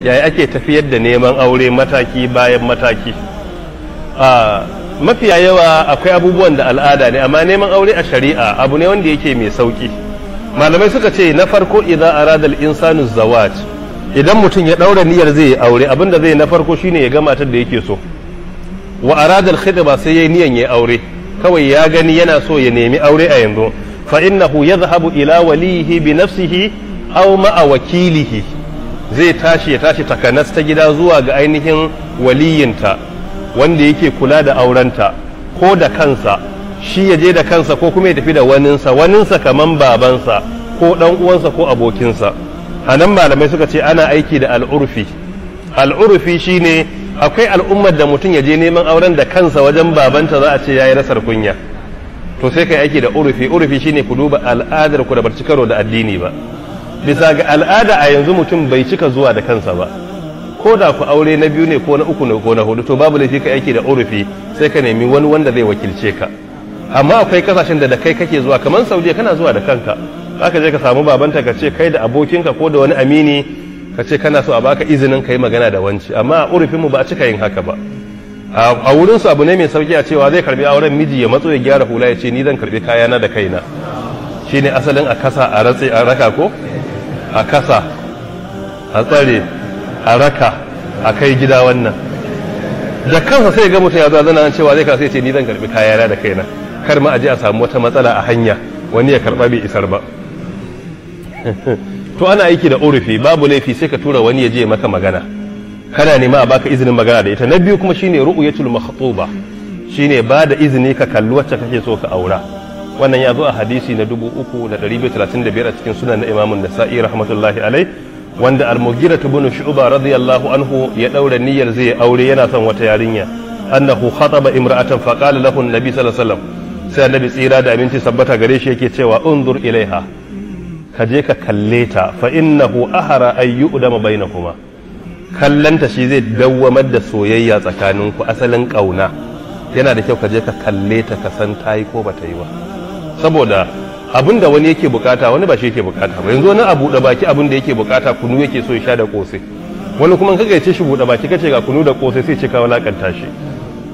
yaya ake tafiyar da neman aure mataki bayan mataki A mafiya yawa akwai abubuwan da al'ada ne amma neman aure a shari'a abu ne wanda yake mai sauki malamai suka ce na farko idan arada al-insanu zawaj idan mutum ya ɗaura niyyar zai yi aure abinda zai na farko shine ya gamatar da yake so wa arada al sai ya niyan ya aure kawai ya gani yana so ya nemi aure a yanzu fa innahu yadhhabu ila walihi bi nafsihi aw ma'a wakilihi zai tashi ya tashi takanas ta gida zuwa ga ainihin waliyinta wanda yake kula da aurenta ko da kansa shi ya je da kansa ko kuma ya tafi da waninsa waninsa kaman babansa ko dan uwansa ko abokinsa hanan malamai suka ce ana aiki da al'urfi al'urfi shine akwai al'ummar da mutum ya je neman auren da kansa wajen babanta za a ce ya yi rasar kunya to sai kai aiki da urufi urufi shine ku duba al'adar ku da barci karo da addini ba bisa ga al'ada a yanzu mutum bai cika zuwa da kansa ba ko da ku aure na biyu ne ko na uku ne ko na hudu to babu laifi ka aiki da urufi sai ka nemi wani wanda zai wakilce ka amma akwai kasashen da da kai kake zuwa kamar saudiya kana zuwa da kanka aka je ka samu babanta ka ce kai da abokinka ko da wani amini ka ce kana so a baka izinin kai magana da wanci amma a urufinmu ba a cika yin haka ba a wurin su abu ne mai sauki a cewa zai karbi auren miji ya matso ya gyara hula ya ce ni zan karbi kayana da kaina shine asalin a kasa a ratse a raka ko a kasa a tsare a raka a kai gida wannan da kansa sai ga mutum ya zo zana cewa zai kasa ce ni zan karbi kayana da kaina kar ma a aje a samu wata matsala a hanya wani ya karba bai isar ba to ana aiki da urufi babu laifi sai ka tura wani ya je maka magana kana nema a baka izinin magana da ita na biyu kuma shine ru'yatul makhtuba shine ba da izini ka kalli wacce kake so ka aura wannan ya zo a hadisi na 335 a cikin sunan na imamun sa'i rahmatullahi alai wanda almugira ibn shu'ba radiyallahu anhu ya daura niyyar zai yi aure yana son wata yarinya annahu khataba imra'atan fa qala lahu nabi sallallahu alaihi wasallam sai tsira da aminci sabbata gare shi yake cewa unzur ilaiha ka je ka kalle ta fa innahu ahara ay yu'dama bainakuma kallanta shi zai dawwamar da soyayya tsakaninku asalin kauna yana da kyau ka je ka kalle ta ka san ta yi ko ba ta yi ba saboda abin da wani yake bukata wani ba shi yake bukata ba yanzu wani a buɗe baki abin da yake bukata kunu yake so ya sha da kose wani kuma kaga ya ce shi buɗe baki kace ga kunu da kose sai ce ka walakanta shi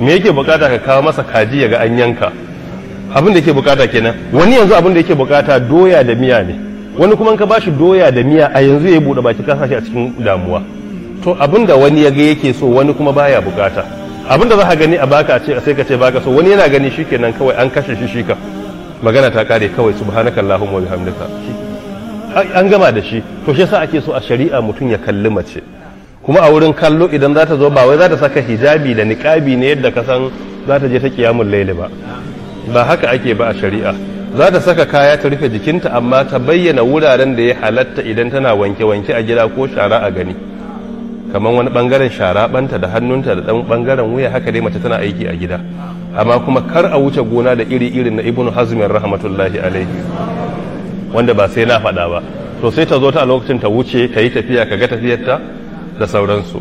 me yake bukata ka kawo masa kaji ya ga an yanka abin da yake bukata kenan wani yanzu abin da yake bukata doya da miya ne wani kuma ka bashi doya da miya a yanzu ya buɗe baki ka sashi a cikin damuwa to abin da wani ya ga yake so wani kuma baya bukata abin da za ka gani a baka ce sai ka ce baka so wani yana gani shikenan kawai an kashe shi shika magana ta kare kawai subhanaka allahumma bihamdika an gama da shi to shi yasa ake so a shari'a mutum ya kalli mace kuma a wurin kallo idan za ta zo ba wai za ta saka hijabi da niqabi ne yadda ka san za ta je ta kiyamul laili ba ba haka ake ba a shari'a za ta saka kaya ta rufe jikinta amma ta bayyana wuraren da ya halatta idan tana wanke-wanke a gida ko shara a gani kamar wani bangaren shara banta da hannunta da dan bangaren wuya haka dai mace tana aiki a gida amma kuma kar a wuce gona da iri iri na ibnu hazmin rahmatullahi alaihi wanda ba sai na faɗa ba to sai ta zo ta a lokacin ta wuce ka yi tafiya ka ga tafiyarta da sauransu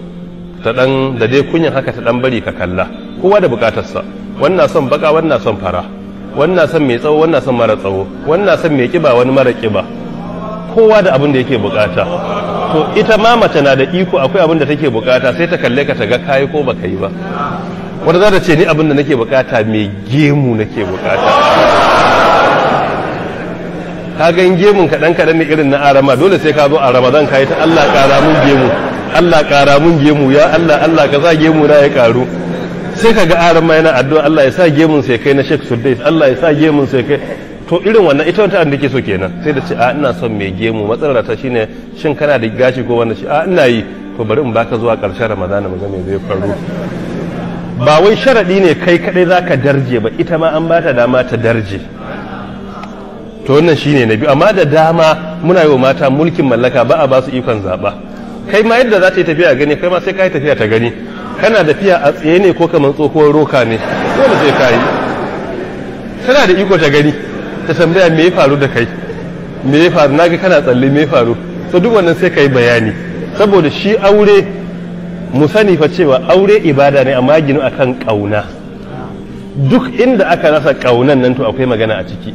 ta dan da dai kunyan haka ta dan bari ka kalla kowa da bukatarsa wannan son baka wannan son fara wannan son mai tsawo wannan son mara tsawo wannan son mai kiba wani mara kiba kowa da abin da yake bukata to ita ma mace na da iko akwai abin da take bukata sai ta kalle ka ta ga kai ko baka yi ba wanda za ta ce ni abin da nake bukata mai gemu nake bukata ka gan gemun kaɗan kaɗan ne irin na arama dole sai ka zo a ramadan ka yi ta allah ƙara mun gemu allah ƙara mun gemu ya allah allah ka sa gemu na ya ƙaru sai ka ga arama yana addu'a allah ya sa gemun sai kai na sheikh sudais allah ya sa gemun sai kai to irin wannan ita wata da ke so kenan sai da ce a ina son mai gemu matsalar ta shine shin kana da gashi ko wanda shi a ina yi to bari in baka zuwa ƙarshen ramadana mu ga me zai faru ba wai sharaɗi ne kai kaɗai za ka darje ba ita ma an bata dama ta darje to wannan shi ne na biyu amma da dama muna yi wa mata mulkin mallaka ba a ba su ikon zaɓa kai ma yadda za ta yi tafiya gani kai ma sai ka yi tafiya ta gani kana tafiya a tsaye ne ko kamar tsohuwar roka ne dole sai ka yi tana da iko ta gani ta tambaya me ya faru da kai me ya faru ga kana tsalle me ya faru to duk wannan sai ka yi bayani saboda shi aure mu sani fa cewa aure ibada ne amma ginu akan kauna duk inda aka rasa kaunan nan to akwai magana a ciki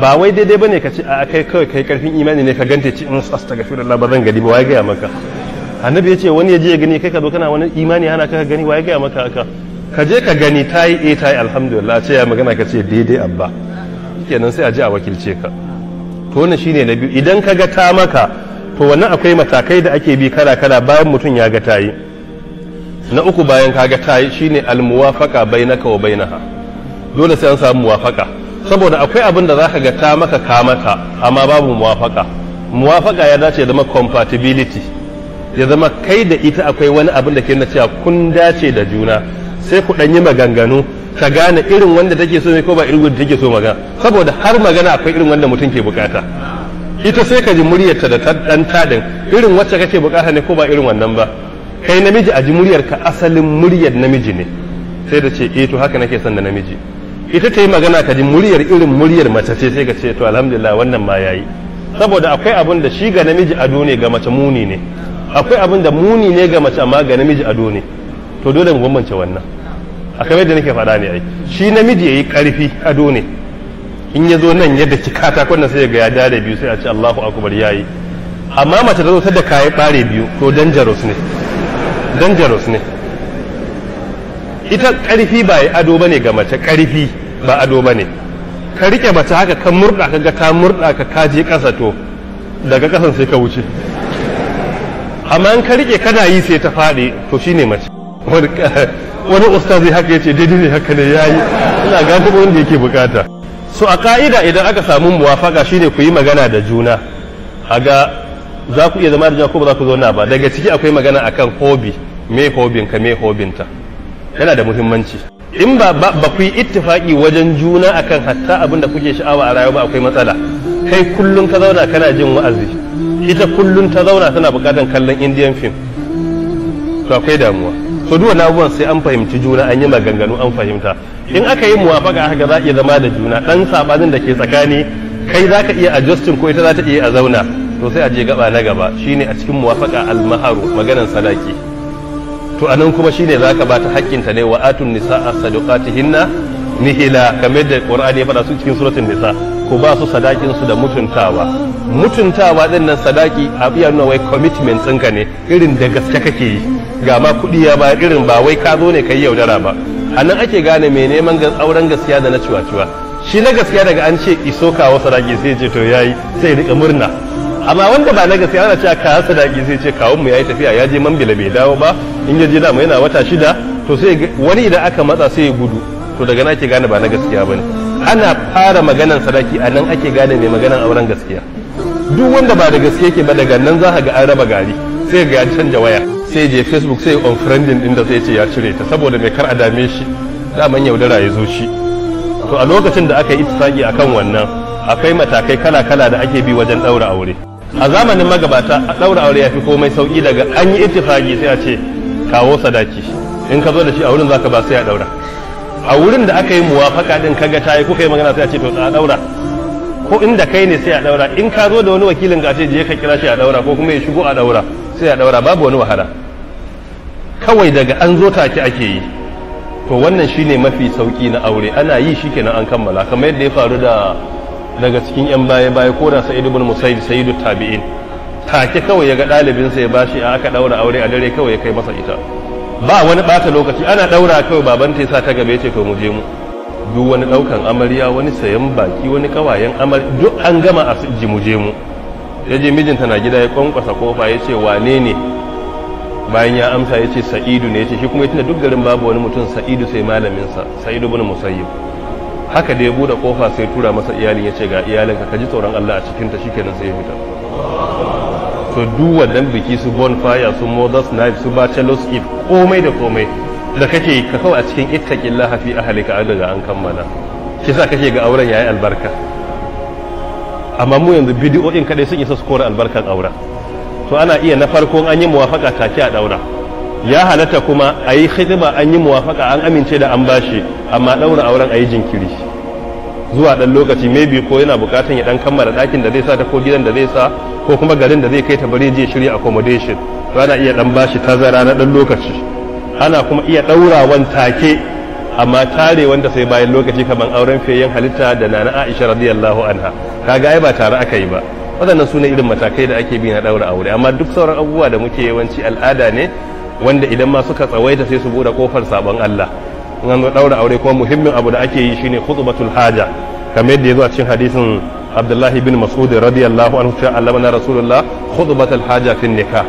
ba wai daidai bane ka ce a kai kawai kai karfin imani ne ka gante ci mm, in astaghfirullah ba zan gadi ba wai ga maka annabi ya ce wani ya je ya gani kai ka zo kana wani imani hana ka gani wai ga maka haka ka je ka gani tayi eh tayi alhamdulillah ce ya magana ka ce daidai abba kenan sai a je a wakilce ka to wannan shine na biyu idan ka ga ta maka to wannan akwai matakai da ake bi kala kala bayan mutum ya ga tayi na uku bayan ka ga tayi shine almuwafaqa bainaka wa bainaha dole sai an samu muwafaka saboda akwai abin da zaka ga ta maka ka mata amma babu muwafaka muwafaka ya dace ya zama compatibility ya zama kai da ita akwai wani abin da ke na cewa kun dace da juna sai ku ɗanyi maganganu ka gane irin wanda take so ne ko ba irin wanda take so magana saboda har magana akwai irin wanda mutum ke bukata ita sai ka ji muryarta da ɗan tadin irin wacce kake bukata ne ko ba irin wannan ba kai namiji a ji ka asalin muryar namiji ne sai da ce eh to haka nake son da namiji ita ta yi magana ka ji muryar irin muryar mace ce sai ka ce to alhamdulillah wannan ma yayi saboda akwai abin da shi ga namiji ado ne ga mace muni ne akwai abin da muni ne ga mace amma ga namiji ado ne to dole mu bambance wannan a da nake faɗa ne ai shi namiji yayi karfi ado ne in ya zo nan yadda ki katakon kwanan sai ga ya dare biyu sai a ce Allahu akubar ya yi. amma mace da zo ta da kayi bare biyu to dangerous ne dangerous ne ita ƙarfi ba ya ado ba ne ga mace ƙarfi ba ado ba ne. ka rike mace haka ka murda ka ga ta murda ka kaje ƙasa to daga ƙasan sai ka wuce amma in ka rike kana yi sai ta faɗi to shine mace wani ustazi haka ce daidai ne haka ne ya yi. ina ga wanda yake bukata so a ka'ida idan aka samu muwafaka shine ku yi magana da juna haga za ku iya zama da juna ko ba za ku zauna ba daga ciki akwai magana akan hobi me hobin ka me hobinta yana da muhimmanci in ba ba ku yi ittifaki wajen juna akan hatta abin da kuke sha'awa a rayuwa ba akwai matsala kai kullun ka zauna kana jin wa'azi ita kullun ta zauna tana bukatan kallon indian film to akwai damuwa so duk abubuwan sai an fahimci juna an yi maganganu an fahimta in aka yi muwafaka haka za iya zama da juna ɗan sabanin da ke tsakani kai za ka iya adjusting ko ita za ta iya a zauna to sai a je gaba na gaba shine a cikin muwafaka almaharu maganan sadaki to anan kuma shine za ka ba ta ne wa atun nisa'a sadaqatihinna nihila kamar da qur'ani ya faɗa su cikin suratul nisa' ku ba su sadakinsu da mutuntawa mutuntawa din nan sadaki a iya nuna wai commitment ɗinka ne irin da gaske kake yi ga ma kuɗi ya ba irin ba wai ka zo ne ka yi yaudara ba a nan ake gane mai neman auren gaskiya da na ciwa-ciwa shi na gaskiya daga an ce iso kawo sadaki sai ce to ya yi sai riƙa murna amma wanda ba na gaskiya ana cewa kawo sadaki sai ce kawun mu ya yi tafiya ya je mambila bai dawo ba in ya je dama yana wata shida to sai wani idan aka matsa sai ya gudu to daga na ke gane ba na gaskiya ne. ana fara maganar sadaki a nan ake gane mai maganan auren gaskiya duk wanda ba da gaske ke ba daga nan za ga an raba gari sai ga ya canja waya sai je facebook sai on friendin din da sai ce ya cire ta saboda mai kar a dame shi daman yaudara ya zo shi to a lokacin da aka yi a kan wannan akwai matakai kala-kala da ake bi wajen daura aure a zamanin magabata a daura aure ya fi komai sauki daga an yi ittifaki sai a ce kawo sadaki in ka zo da shi a wurin zaka ba sai a daura a wurin da aka yi muwafaka din kaga tayi kuka yi magana sai a ce to a daura ko inda kai ne sai a daura in ka zo da wani wakilin ka ce je ka kira shi a daura ko kuma ya shigo a daura sai a daura babu wani wahala kawai daga an zo take ake yi to wannan shine mafi sauki na aure ana yi shi kenan an kammala kamar yadda ya faru da daga cikin yan baya baya ko da sa'id ibn musayyib sayyidu tabi'in take kawai ya ga ɗalibinsa ya bashi a aka daura aure a dare kawai ya kai masa ita ba wani bata lokaci ana daura kawai baban ta yasa ta gabe ce to mu je mu duk wani daukan amarya wani sayan baki wani kawayen amar duk an gama a ji mu je mu ya mijinta na gida ya kwankwasa kofa ya ce wane ne bayan ya amsa ya ce sa'idu ne ya ce shi kuma ya tuna duk garin babu wani mutum sa'idu sai malamin sa sa'idu bin musayyib haka da ya bude kofa sai tura masa iyalin ya ce ga iyalinka ka ji tsoron Allah a cikinta shikenan sai ya fita to duk wannan biki su bonfire su mother's knife su bachelor's eve komai da komai da kake ka kawai a cikin ittaqillaha fi ahlika an daga an kammala shi kake ga auren yayi albarka amma mu yanzu din kadai sun isa su kora albarkan aura to ana iya na farko an yi muwafaka take a daura ya halatta kuma a yi hidima an yi muwafaka an amince da an bashi amma daura auren a yi jinkiri zuwa dan lokaci maybe ko yana bukatun ya dan kammala ɗakin da zai sa ta ko gidan da zai sa ko kuma garin da zai kai ta bari je shirya accommodation to ana iya dan bashi tazara na dan lokaci ana kuma iya daurawan take amma tare wanda sai bayan lokaci kamar auren feyen halitta da nana Aisha radiyallahu anha kaga ai ba tare aka yi ba wadannan sunan irin matakai da ake bi na daura aure amma duk sauran abubuwa da muke yawanci al'ada ne wanda idan ma suka tsawaita sai su bude kofar sabon Allah in an daura aure kuma muhimmin abu da ake yi shine khutbatul haja kamar yadda ya zo a cikin hadisin abdullahi bin mas'ud radiyallahu anhu ta allamana rasulullah khutbatul haja fi nikah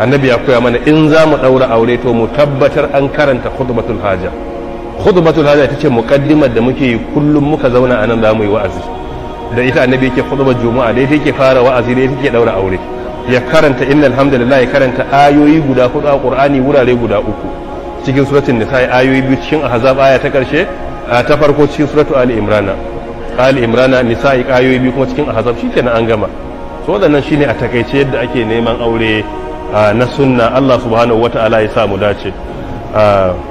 annabi ya koya mana in za mu daura aure to mu tabbatar an karanta khutbatul haja khutbatul haja ita ce muqaddimar da muke yi kullum muka zauna anan za mu yi wa'azi da ita annabi yake khutbar juma'a dai ita ke fara wa'azi dai ita yake daura aure ya karanta innal hamdalillah ya karanta ayoyi guda hudu a qur'ani wurare guda uku cikin suratul nisa ayoyi biyu cikin ahzab aya ta karshe ta farko cikin suratu ali imrana ali imrana nisa'i kayoyi biyu kuma cikin ahzab na an gama so wadannan shine a takaice yadda ake neman aure ah, na sunna Allah subhanahu wata'ala ya sa mu dace ah,